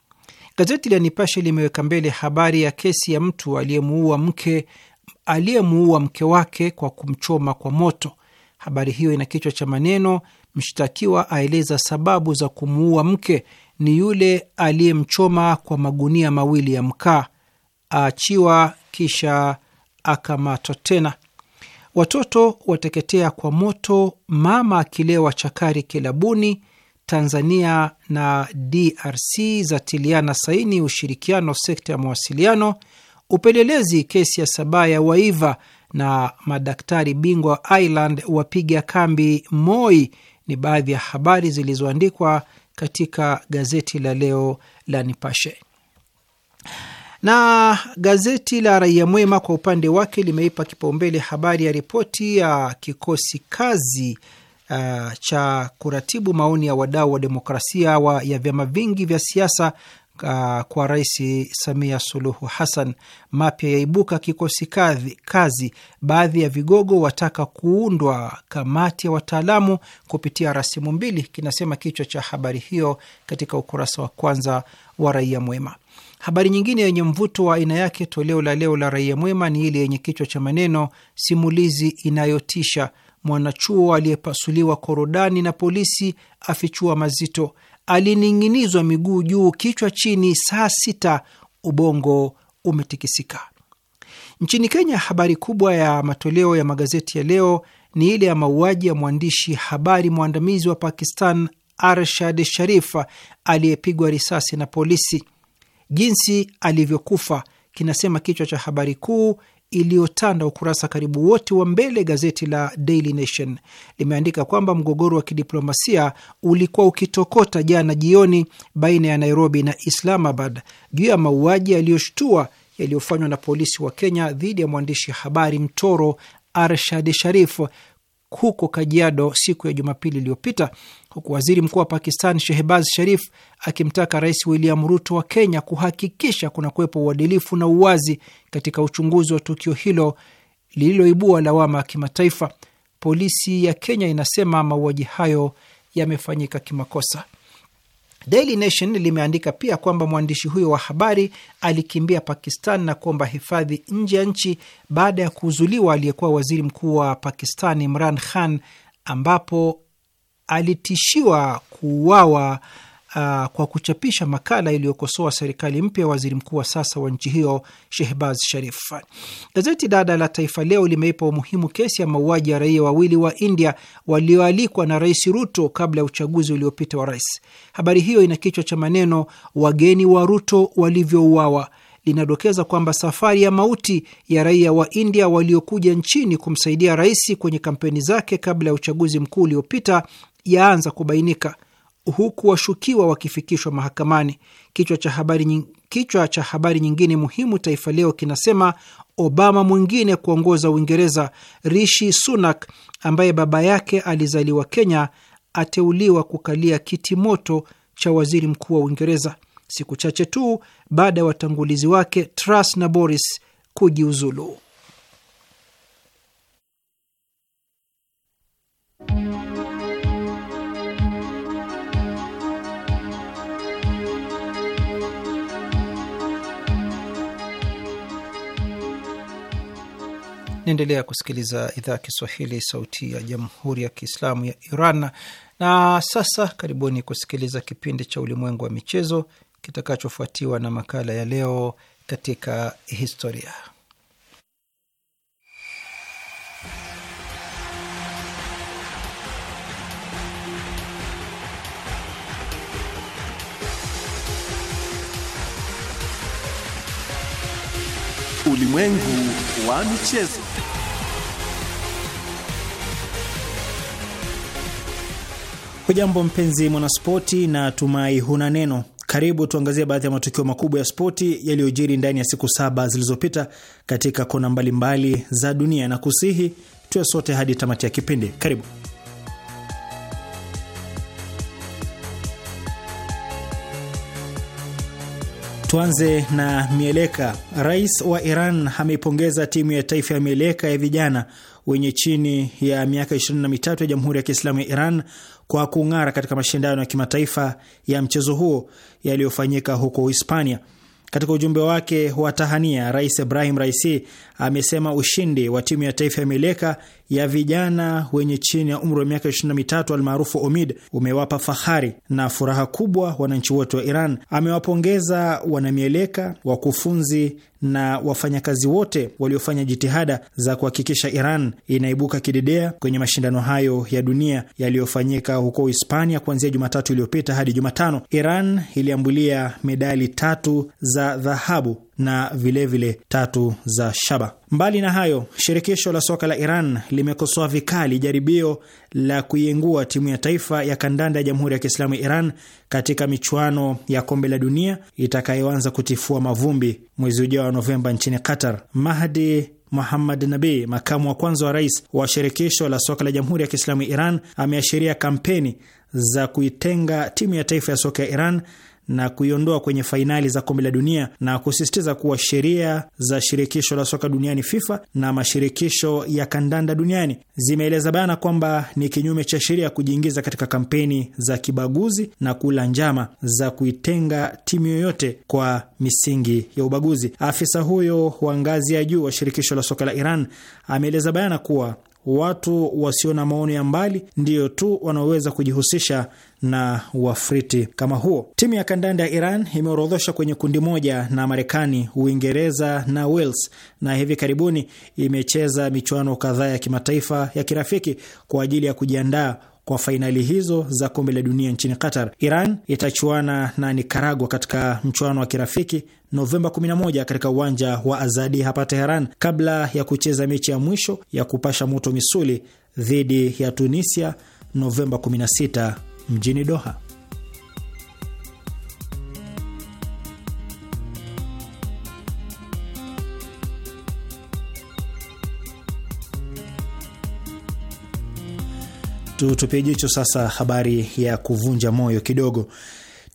Gazeti la Nipashe limeweka mbele habari ya kesi ya mtu aliyemuua mke aliyemuua mke wake kwa kumchoma kwa moto. Habari hiyo ina kichwa cha maneno mshtakiwa aeleza sababu za kumuua mke ni yule aliyemchoma kwa magunia mawili ya mkaa, aachiwa kisha akamatwa tena. Watoto wateketea kwa moto, mama akilewa chakari kilabuni. Tanzania na DRC zatiliana saini ushirikiano sekta ya mawasiliano. Upelelezi kesi ya Sabaa ya waiva na madaktari bingwa Ireland wapiga kambi Moi ni baadhi ya habari zilizoandikwa katika gazeti la leo la Nipashe. Na gazeti la Raia Mwema kwa upande wake limeipa kipaumbele habari ya ripoti ya kikosi kazi uh, cha kuratibu maoni ya wadau wa demokrasia wa, ya vyama vingi vya siasa uh, kwa Rais Samia Suluhu Hassan. Mapya yaibuka kikosi kazi, kazi. Baadhi ya vigogo wataka kuundwa kamati ya wataalamu kupitia rasimu mbili, kinasema kichwa cha habari hiyo katika ukurasa wa kwanza wa Raia Mwema. Habari nyingine yenye mvuto wa aina yake toleo la leo la Raia Mwema ni ile yenye kichwa cha maneno simulizi inayotisha mwanachuo aliyepasuliwa korodani na polisi afichua mazito alining'inizwa miguu juu, kichwa chini, saa sita, ubongo umetikisika. Nchini Kenya, habari kubwa ya matoleo ya magazeti ya leo ni ile ya mauaji ya mwandishi habari mwandamizi wa Pakistan Arshad Sharif aliyepigwa risasi na polisi. Jinsi alivyokufa kinasema kichwa cha habari kuu iliyotanda ukurasa karibu wote wa mbele, gazeti la Daily Nation limeandika kwamba mgogoro wa kidiplomasia ulikuwa ukitokota jana jioni baina ya Nairobi na Islamabad juu ya mauaji yaliyoshtua yaliyofanywa na polisi wa Kenya dhidi ya mwandishi habari mtoro Arshad Sharif huko Kajiado siku ya Jumapili iliyopita huku waziri mkuu wa Pakistan Shehbaz Sharif akimtaka Rais William Ruto wa Kenya kuhakikisha kuna kuwepo uadilifu na uwazi katika uchunguzi wa tukio hilo lililoibua lawama ya kimataifa. Polisi ya Kenya inasema mauaji hayo yamefanyika kimakosa. Daily Nation limeandika pia kwamba mwandishi huyo wa habari alikimbia Pakistan na kuomba hifadhi nje ya nchi baada ya kuuzuliwa aliyekuwa waziri mkuu wa Pakistan Imran Khan, ambapo alitishiwa kuuawa uh, kwa kuchapisha makala iliyokosoa serikali mpya ya waziri mkuu wa sasa wa nchi hiyo Shehbaz Sharif. Gazeti dada la Taifa Leo limeipa umuhimu kesi ya mauaji ya raia wawili wa India walioalikwa na Rais Ruto kabla ya uchaguzi uliopita wa rais. Habari hiyo ina kichwa cha maneno wageni wa Ruto walivyouawa linadokeza kwamba safari ya mauti ya raia wa India waliokuja nchini kumsaidia rais kwenye kampeni zake kabla ya uchaguzi mkuu uliopita yaanza kubainika huku washukiwa wakifikishwa mahakamani. Kichwa cha habari, kichwa cha habari nyingine muhimu Taifa Leo kinasema Obama mwingine kuongoza Uingereza. Rishi Sunak ambaye baba yake alizaliwa Kenya ateuliwa kukalia kiti moto cha waziri mkuu wa Uingereza siku chache tu baada ya watangulizi wake Truss na Boris kujiuzulu. Naendelea kusikiliza idhaa ya Kiswahili, sauti ya jamhuri ya kiislamu ya Iran. Na sasa karibuni kusikiliza kipindi cha ulimwengu wa michezo kitakachofuatiwa na makala ya leo katika historia. Ulimwengu wa michezo. Hujambo mpenzi mwanaspoti, na tumai huna neno. Karibu tuangazie baadhi ya matukio makubwa ya spoti yaliyojiri ndani ya siku saba zilizopita katika kona mbalimbali mbali za dunia, na kusihi tuwe sote hadi tamati ya kipindi. Karibu. Tuanze na mieleka. Rais wa Iran ameipongeza timu ya taifa ya mieleka ya vijana wenye chini ya miaka 23 ya Jamhuri ya Kiislamu ya Iran kwa kung'ara katika mashindano ya kimataifa ya mchezo huo yaliyofanyika huko Hispania. Katika ujumbe wake wa tahania, Rais Ibrahim Raisi amesema ushindi wa timu ya taifa ya mieleka ya vijana wenye chini ya umri wa miaka 23 almaarufu Omid umewapa fahari na furaha kubwa wananchi wote wa Iran. Amewapongeza wanamieleka, wakufunzi na wafanyakazi wote waliofanya jitihada za kuhakikisha Iran inaibuka kidedea kwenye mashindano hayo ya dunia yaliyofanyika huko Hispania kuanzia Jumatatu iliyopita hadi Jumatano. Iran iliambulia medali tatu za dhahabu na vilevile vile tatu za shaba. Mbali na hayo, shirikisho la soka la Iran limekosoa vikali jaribio la kuiengua timu ya taifa ya kandanda ya Jamhuri ya Kiislamu ya Iran katika michuano ya kombe la dunia itakayoanza kutifua mavumbi mwezi ujao wa Novemba nchini Qatar. Mahdi Muhammad Nabi, makamu wa kwanza wa rais wa shirikisho la soka la Jamhuri ya Kiislamu ya Iran, ameashiria kampeni za kuitenga timu ya taifa ya soka ya Iran na kuiondoa kwenye fainali za kombe la dunia na kusisitiza kuwa sheria za shirikisho la soka duniani FIFA na mashirikisho ya kandanda duniani zimeeleza bayana kwamba ni kinyume cha sheria kujiingiza katika kampeni za kibaguzi na kula njama za kuitenga timu yoyote kwa misingi ya ubaguzi. Afisa huyo wa ngazi ya juu wa shirikisho la soka la Iran ameeleza bayana kuwa watu wasio na maono ya mbali ndiyo tu wanaoweza kujihusisha na wafriti kama huo. Timu ya kandanda ya Iran imeorodhosha kwenye kundi moja na Marekani, Uingereza na Wales, na hivi karibuni imecheza michuano kadhaa ya kimataifa ya kirafiki kwa ajili ya kujiandaa kwa fainali hizo za kombe la dunia nchini Qatar. Iran itachuana na Nikaragua katika mchuano wa kirafiki Novemba 11 katika uwanja wa Azadi hapa Teheran, kabla ya kucheza mechi ya mwisho ya kupasha moto misuli dhidi ya Tunisia Novemba 16 mjini Doha. Tutupie jicho sasa habari ya kuvunja moyo kidogo.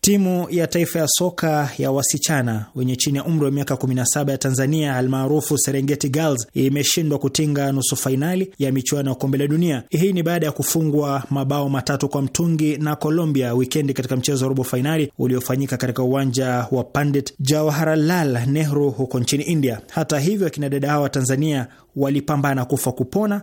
Timu ya taifa ya soka ya wasichana wenye chini ya umri wa miaka 17 ya Tanzania almaarufu Serengeti Girls imeshindwa kutinga nusu fainali ya michuano ya kombe la dunia. Hii ni baada ya kufungwa mabao matatu kwa mtungi na Colombia wikendi katika mchezo wa robo fainali uliofanyika katika uwanja wa Pandit Jawaharlal Nehru huko nchini India. Hata hivyo, akina dada hawa wa Tanzania walipambana kufa kupona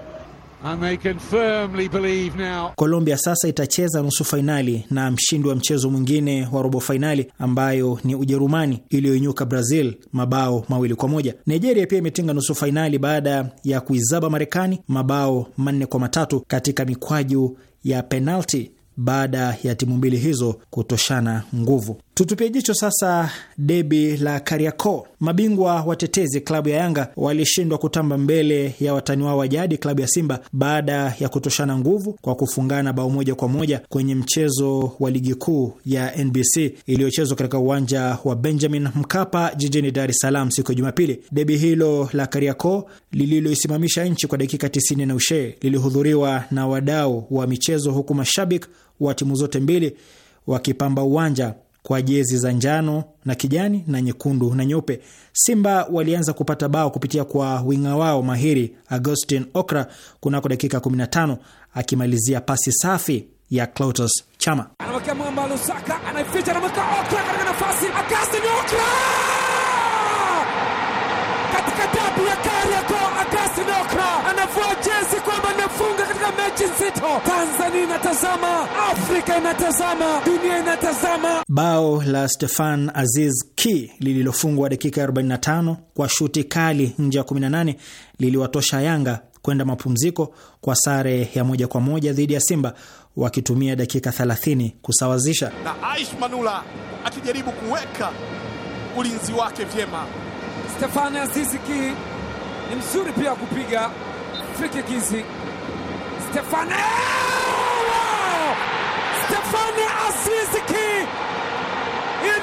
And they can firmly believe now. Colombia sasa itacheza nusu fainali na mshindi wa mchezo mwingine wa robo fainali ambayo ni Ujerumani iliyoinyuka Brazil mabao mawili kwa moja. Nigeria pia imetinga nusu fainali baada ya kuizaba Marekani mabao manne kwa matatu katika mikwaju ya penalti baada ya timu mbili hizo kutoshana nguvu. Tutupie jicho sasa debi la Kariakoo. Mabingwa watetezi klabu ya Yanga walishindwa kutamba mbele ya watani wao wa jadi klabu ya Simba baada ya kutoshana nguvu kwa kufungana bao moja kwa moja kwenye mchezo wa ligi kuu ya NBC iliyochezwa katika uwanja wa Benjamin Mkapa jijini Dar es Salaam siku ya Jumapili. Debi hilo la Kariakoo lililoisimamisha nchi kwa dakika 90 na ushee lilihudhuriwa na wadau wa michezo, huku mashabiki wa timu zote mbili wakipamba uwanja kwa jezi za njano na kijani na nyekundu na nyeupe. Simba walianza kupata bao kupitia kwa winga wao mahiri Agustin Okra kunako dakika 15 akimalizia pasi safi ya Clotus Chama. mechi nzito. Tanzania inatazama, Afrika inatazama, dunia inatazama. Bao la Stefan Aziz Ki lililofungwa dakika 45 kwa shuti kali nje ya 18 liliwatosha Yanga kwenda mapumziko kwa sare ya moja kwa moja dhidi ya Simba wakitumia dakika 30 kusawazisha, na Aish Manula akijaribu kuweka ulinzi wake vyema. Stefan Aziz Ki ni mzuri pia kupiga free Stefane! Stefane Asiziki! Hii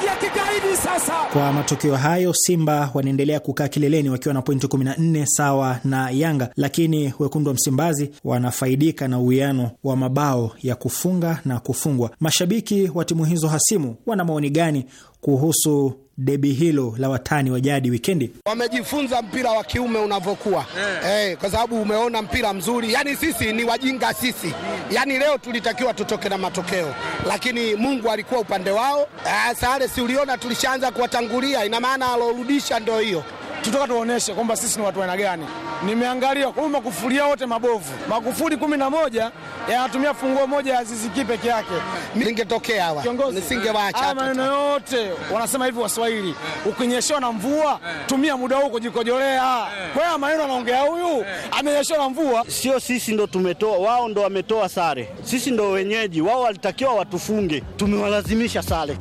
ni ya kigaidi sasa. Kwa matokeo hayo, Simba wanaendelea kukaa kileleni wakiwa na pointi 14 sawa na Yanga, lakini wekundu wa Msimbazi wanafaidika na uwiano wa mabao ya kufunga na kufungwa. Mashabiki wa timu hizo hasimu wana maoni gani kuhusu debi hilo la watani wa jadi wikendi. Wamejifunza mpira wa kiume unavyokuwa, yeah. Hey, eh, kwa sababu umeona mpira mzuri, yani sisi ni wajinga sisi, yeah. Hmm. Yani leo tulitakiwa tutoke na matokeo, hmm. lakini Mungu alikuwa upande wao. Ah, sare si uliona, tulishaanza kuwatangulia, ina maana alorudisha ndio hiyo tutaka tuoneshe kwamba sisi ni watu aina gani. Nimeangalia kwa makufuri yao wote mabovu, makufuri kumi na moja yanatumia funguo moja ya ziziki peke yake. Ningetokea hapa nisingewaacha. Haya maneno yote wanasema hivi Waswahili, ukinyeshewa na mvua tumia muda huu kujikojolea. Kwa hiyo maneno anaongea huyu, amenyeshewa na mvua. Sio sisi ndo tumetoa, wao ndo wametoa sare, sisi ndo wenyeji. Wao walitakiwa watufunge, tumewalazimisha sare.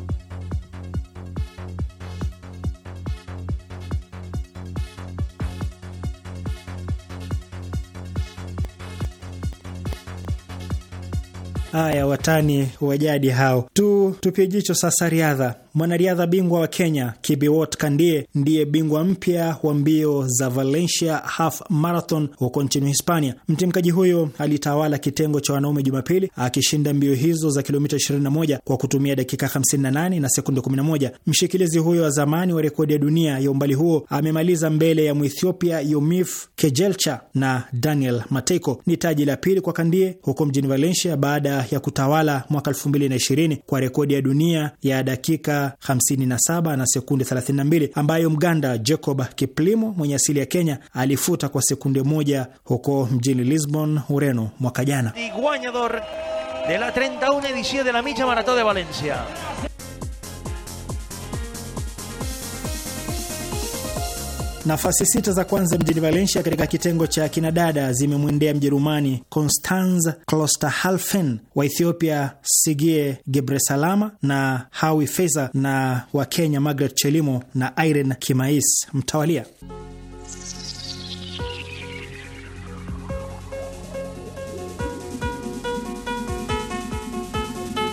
Haya, watani wa jadi hao tu. Tupie jicho sasa riadha. Mwanariadha bingwa wa Kenya Kibiwot Kandie ndiye bingwa mpya wa mbio za Valencia Half Marathon huko nchini Hispania. Mtimkaji huyo alitawala kitengo cha wanaume Jumapili akishinda mbio hizo za kilomita 21 kwa kutumia dakika 58 na sekunde 11. Mshikilizi huyo wa zamani wa rekodi ya dunia ya umbali huo amemaliza mbele ya Mwethiopia Yomif Kejelcha na Daniel Mateiko. Ni taji la pili kwa Kandie huko mjini Valencia baada ya kutawala mwaka 2020 kwa rekodi ya dunia ya dakika 57 na sekunde 32 ambayo Mganda Jacob Kiplimo mwenye asili ya Kenya alifuta kwa sekunde moja huko mjini Lisbon, Ureno mwaka jana. Nafasi sita za kwanza mjini Valencia katika kitengo cha kinadada zimemwendea Mjerumani Constance Klosterhalfen wa Ethiopia Sigie Gebresalama na Hawi Feza na wa Kenya Margaret Chelimo na Irene Kimais mtawalia.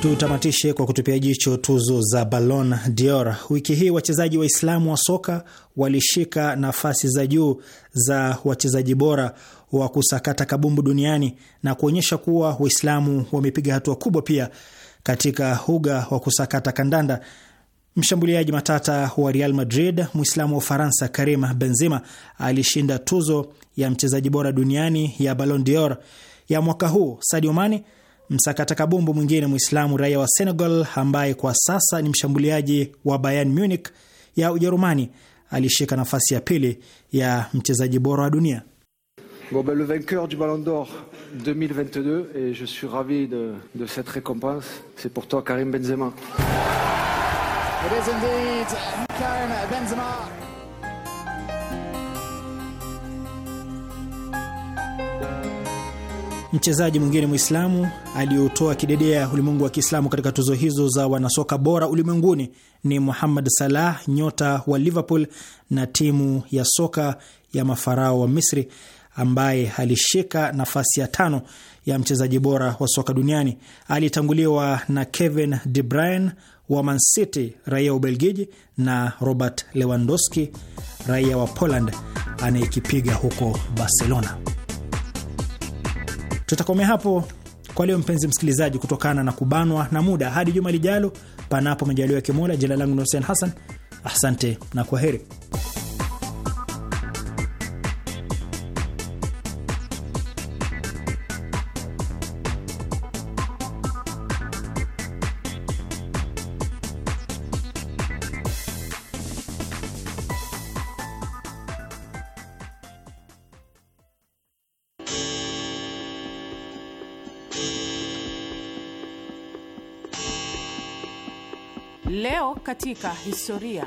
Tutamatishe kwa kutupia jicho tuzo za Ballon d'Or wiki hii. Wachezaji Waislamu wa soka walishika nafasi za juu za wachezaji bora wa kusakata kabumbu duniani na kuonyesha kuwa Waislamu wamepiga hatua kubwa pia katika uga wa kusakata kandanda. Mshambuliaji matata wa Real Madrid, Mwislamu wa Ufaransa Karim Benzema alishinda tuzo ya mchezaji bora duniani ya Ballon d'Or ya mwaka huu. Sadio Mane msakata kabumbu mwingine Mwislamu raia wa Senegal ambaye kwa sasa ni mshambuliaji wa Bayern Munich ya Ujerumani alishika nafasi ya pili ya mchezaji bora wa dunia. Bon, ben, le vainqueur du Ballon d'Or 2022 et je suis ravi de, de cette récompense, c'est pour toi Karim Benzema. It is indeed Karim Benzema. mchezaji mwingine Mwislamu aliyotoa kidedea ulimwengu wa Kiislamu katika tuzo hizo za wanasoka bora ulimwenguni ni Muhammad Salah, nyota wa Liverpool na timu ya soka ya mafarao wa Misri, ambaye alishika nafasi ya tano ya mchezaji bora wa soka duniani. Alitanguliwa na Kevin De Bruyne wa Man City, raia wa Ubelgiji, na Robert Lewandowski, raia wa Poland anayekipiga huko Barcelona. Tutakomea hapo kwa leo, mpenzi msikilizaji, kutokana na kubanwa na muda. Hadi juma lijalo, panapo majaliwa ya kimola Jina langu ni Hussein Hassan, asante na kwa heri. katika historia.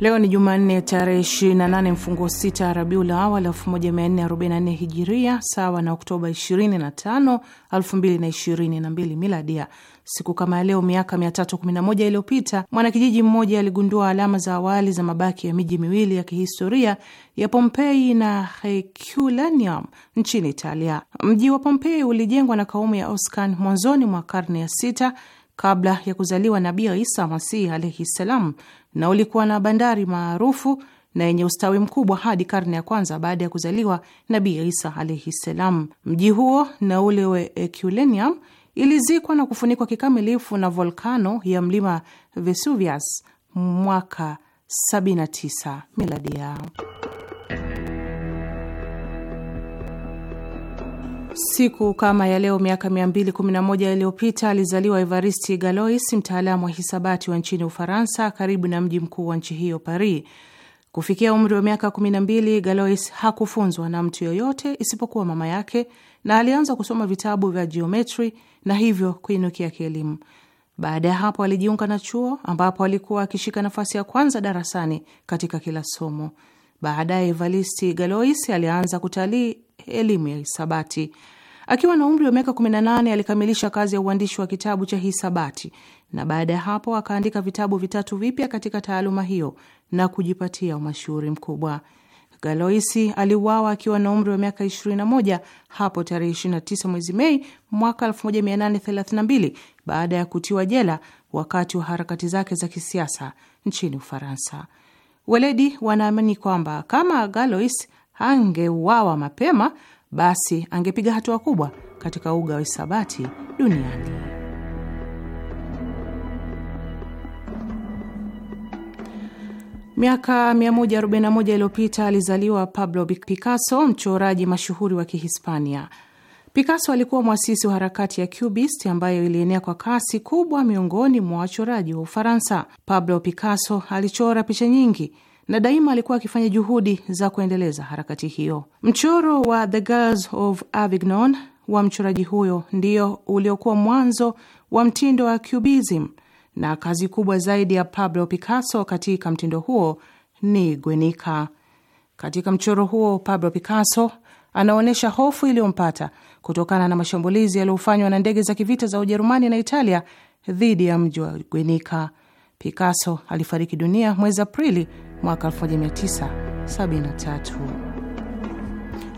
Leo ni Jumanne tarehe 28 mfungo 6 Rabiul Awal 1444 Hijiria, sawa na Oktoba 25, 2022 Miladia. Siku kama ya leo miaka 311 iliyopita mwanakijiji mmoja aligundua alama za awali za mabaki ya miji miwili ya kihistoria ya Pompei na Herculaneum nchini Italia. Mji wa Pompei ulijengwa na kaumu ya Oscan mwanzoni mwa karne ya sita kabla ya kuzaliwa Nabii Isa Masih alaihi ssalam, na ulikuwa na bandari maarufu na yenye ustawi mkubwa hadi karne ya kwanza baada ya kuzaliwa Nabii Isa alaihi ssalam. Mji huo na ule wa Eculenium ilizikwa na kufunikwa kikamilifu na volkano ya mlima Vesuvius mwaka 79 miladi yao Siku kama ya leo miaka 211 iliyopita alizaliwa Evaristi Galois, mtaalamu wa hisabati wa nchini Ufaransa, karibu na mji mkuu wa nchi hiyo Paris. Kufikia umri wa miaka 12, Galois hakufunzwa na mtu yoyote isipokuwa mama yake, na alianza kusoma vitabu vya jiometri na hivyo kuinukia kielimu. Baada ya hapo alijiunga na chuo ambapo alikuwa akishika nafasi ya kwanza darasani katika kila somo. Baadaye Evaristi Galois alianza kutalii elimu ya hisabati. Akiwa na umri wa miaka 18 alikamilisha kazi ya uandishi wa kitabu cha hisabati na baada ya hapo akaandika vitabu vitatu vipya katika taaluma hiyo na kujipatia umashuhuri mkubwa. Galoisi aliuawa akiwa na umri wa miaka 21 hapo tarehe 29 mwezi Mei mwaka 1832 baada ya kutiwa jela wakati wa harakati zake za kisiasa nchini Ufaransa. Weledi wanaamini kwamba kama Galois angeuawa mapema, basi angepiga hatua kubwa katika uga wa hisabati duniani. Miaka 141 iliyopita alizaliwa Pablo Picasso, mchoraji mashuhuri wa Kihispania. Picasso alikuwa mwasisi wa harakati ya Cubist ambayo ilienea kwa kasi kubwa miongoni mwa wachoraji wa Ufaransa. Pablo Picasso alichora picha nyingi na daima alikuwa akifanya juhudi za kuendeleza harakati hiyo. Mchoro wa The Girls of Avignon wa mchoraji huyo ndio uliokuwa mwanzo wa mtindo wa cubism na kazi kubwa zaidi ya Pablo Picasso katika mtindo huo ni Guernica. Katika mchoro huo Pablo Picasso anaonyesha hofu iliyompata kutokana na mashambulizi yaliyofanywa na ndege za kivita za Ujerumani na Italia dhidi ya mji wa Guernica. Picasso alifariki dunia mwezi Aprili mwaka 1973.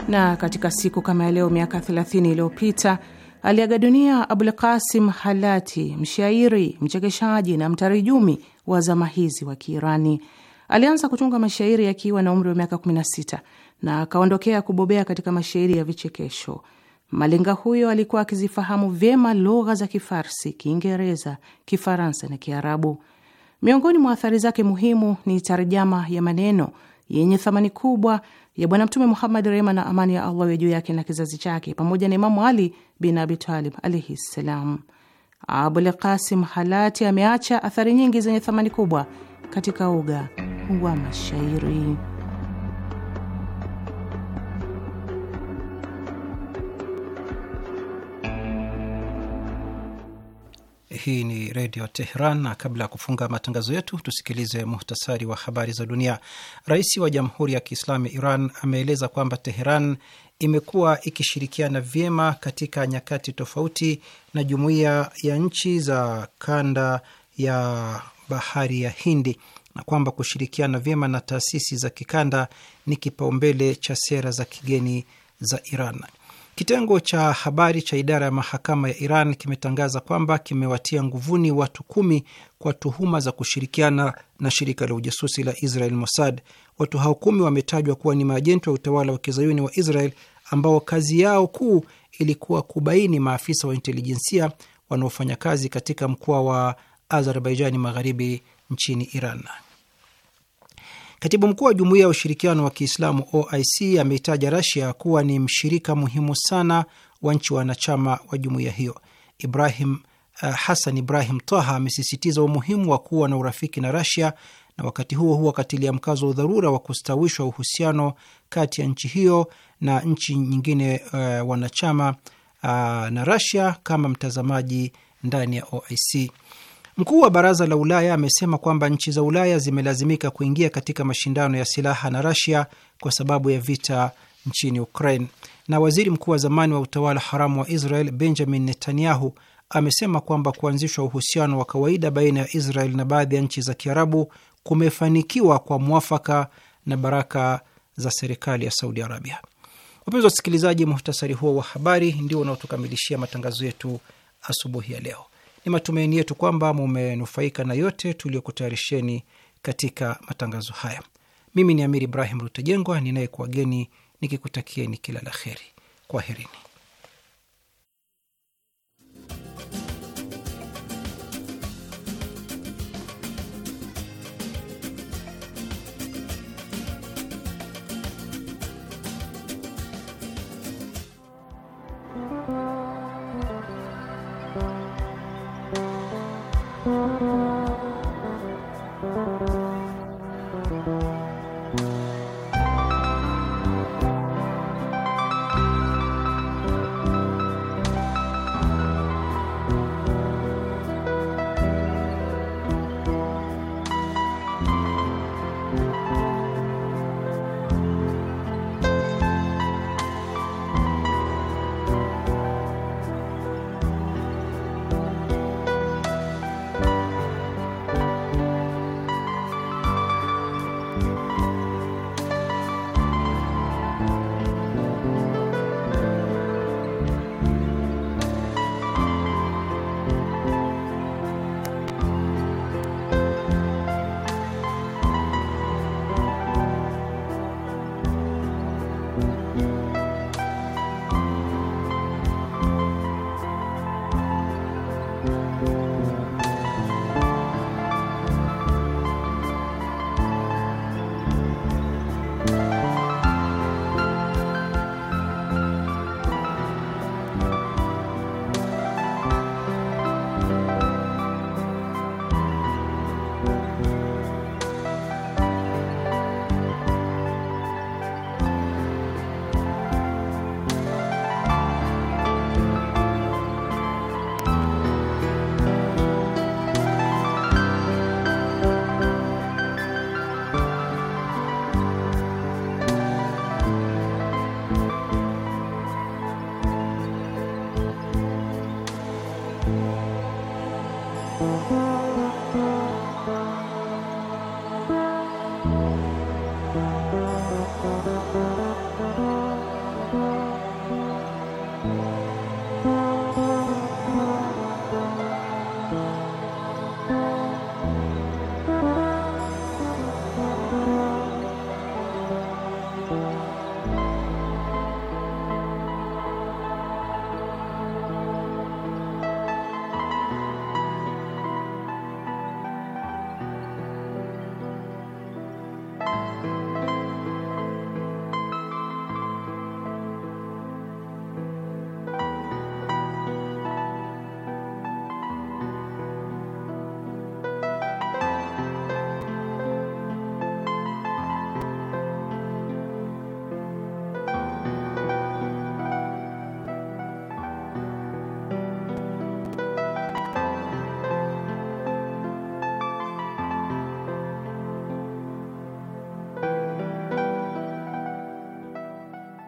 Na katika siku kama ya leo miaka 30 iliyopita aliaga dunia Abul Qasim Halati, mshairi, mchekeshaji na mtarijumi wa zama hizi wa Kiirani. Alianza kutunga mashairi akiwa na umri wa miaka 16 na akaondokea kubobea katika mashairi ya vichekesho. Malenga huyo alikuwa akizifahamu vyema lugha za Kifarsi, Kiingereza, Kifaransa na Kiarabu. Miongoni mwa athari zake muhimu ni tarjama ya maneno yenye thamani kubwa ya Bwana Mtume Muhammad, rehma na amani ya Allah ya juu yake na kizazi chake, pamoja na Imamu Ali bin Abitalib alaihi ssalam. Abul Qasim Halati ameacha athari nyingi zenye thamani kubwa katika uga wa mashairi. Hii ni Redio Teheran, na kabla ya kufunga matangazo yetu tusikilize muhtasari wa habari za dunia. Rais wa Jamhuri ya Kiislamu ya Iran ameeleza kwamba Teheran imekuwa ikishirikiana vyema katika nyakati tofauti na jumuiya ya nchi za kanda ya bahari ya Hindi na kwamba kushirikiana vyema na taasisi za kikanda ni kipaumbele cha sera za kigeni za Iran. Kitengo cha habari cha idara ya mahakama ya Iran kimetangaza kwamba kimewatia nguvuni watu kumi kwa tuhuma za kushirikiana na shirika la ujasusi la Israel Mossad. Watu hao kumi wametajwa kuwa ni maajenti wa utawala wa kizayuni wa Israel ambao kazi yao kuu ilikuwa kubaini maafisa wa intelijensia wanaofanya kazi katika mkoa wa Azerbaijani magharibi nchini Iran. Katibu mkuu wa jumuiya ya ushirikiano wa Kiislamu OIC ameitaja Rasia kuwa ni mshirika muhimu sana wa nchi wanachama wa jumuiya hiyo. Ibrahim uh, Hassan Ibrahim Taha amesisitiza umuhimu wa kuwa na urafiki na Rasia na wakati huo huo akatilia mkazo wa udharura wa kustawishwa uhusiano kati ya nchi hiyo na nchi nyingine uh, wanachama uh, na Rasia kama mtazamaji ndani ya OIC. Mkuu wa baraza la Ulaya amesema kwamba nchi za Ulaya zimelazimika kuingia katika mashindano ya silaha na Rasia kwa sababu ya vita nchini Ukraine. Na waziri mkuu wa zamani wa utawala haramu wa Israel Benjamin Netanyahu amesema kwamba kuanzishwa uhusiano wa kawaida baina ya Israel na baadhi ya nchi za Kiarabu kumefanikiwa kwa mwafaka na baraka za serikali ya Saudi Arabia. Wapenzi wasikilizaji, muhtasari huo wa habari ndio unaotukamilishia matangazo yetu asubuhi ya leo. Ni matumaini yetu kwamba mumenufaika na yote tuliyokutayarisheni katika matangazo haya. Mimi ni Amiri Ibrahim Rutajengwa ninayekuwageni nikikutakieni kila la heri. Kwaherini.